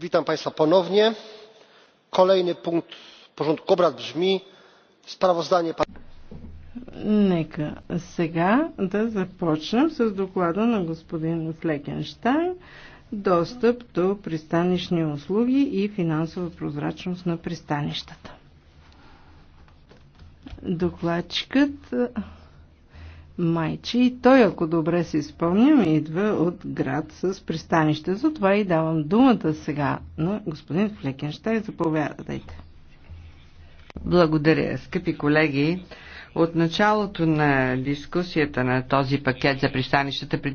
witam państwa ponownie. kolejny punkt porządku obrad brzmi sprawozdanie. Нека сега да започнем с доклада на господин Флекенштайн достъп до пристанищни услуги и финансова прозрачност на пристанищата. Докладчикът майче и той, ако добре си спомням, идва от град с пристанище. Затова и давам думата сега на господин Флекенштайн. Заповядайте. Благодаря, скъпи колеги. От началото на дискусията на този пакет за пристанищата преди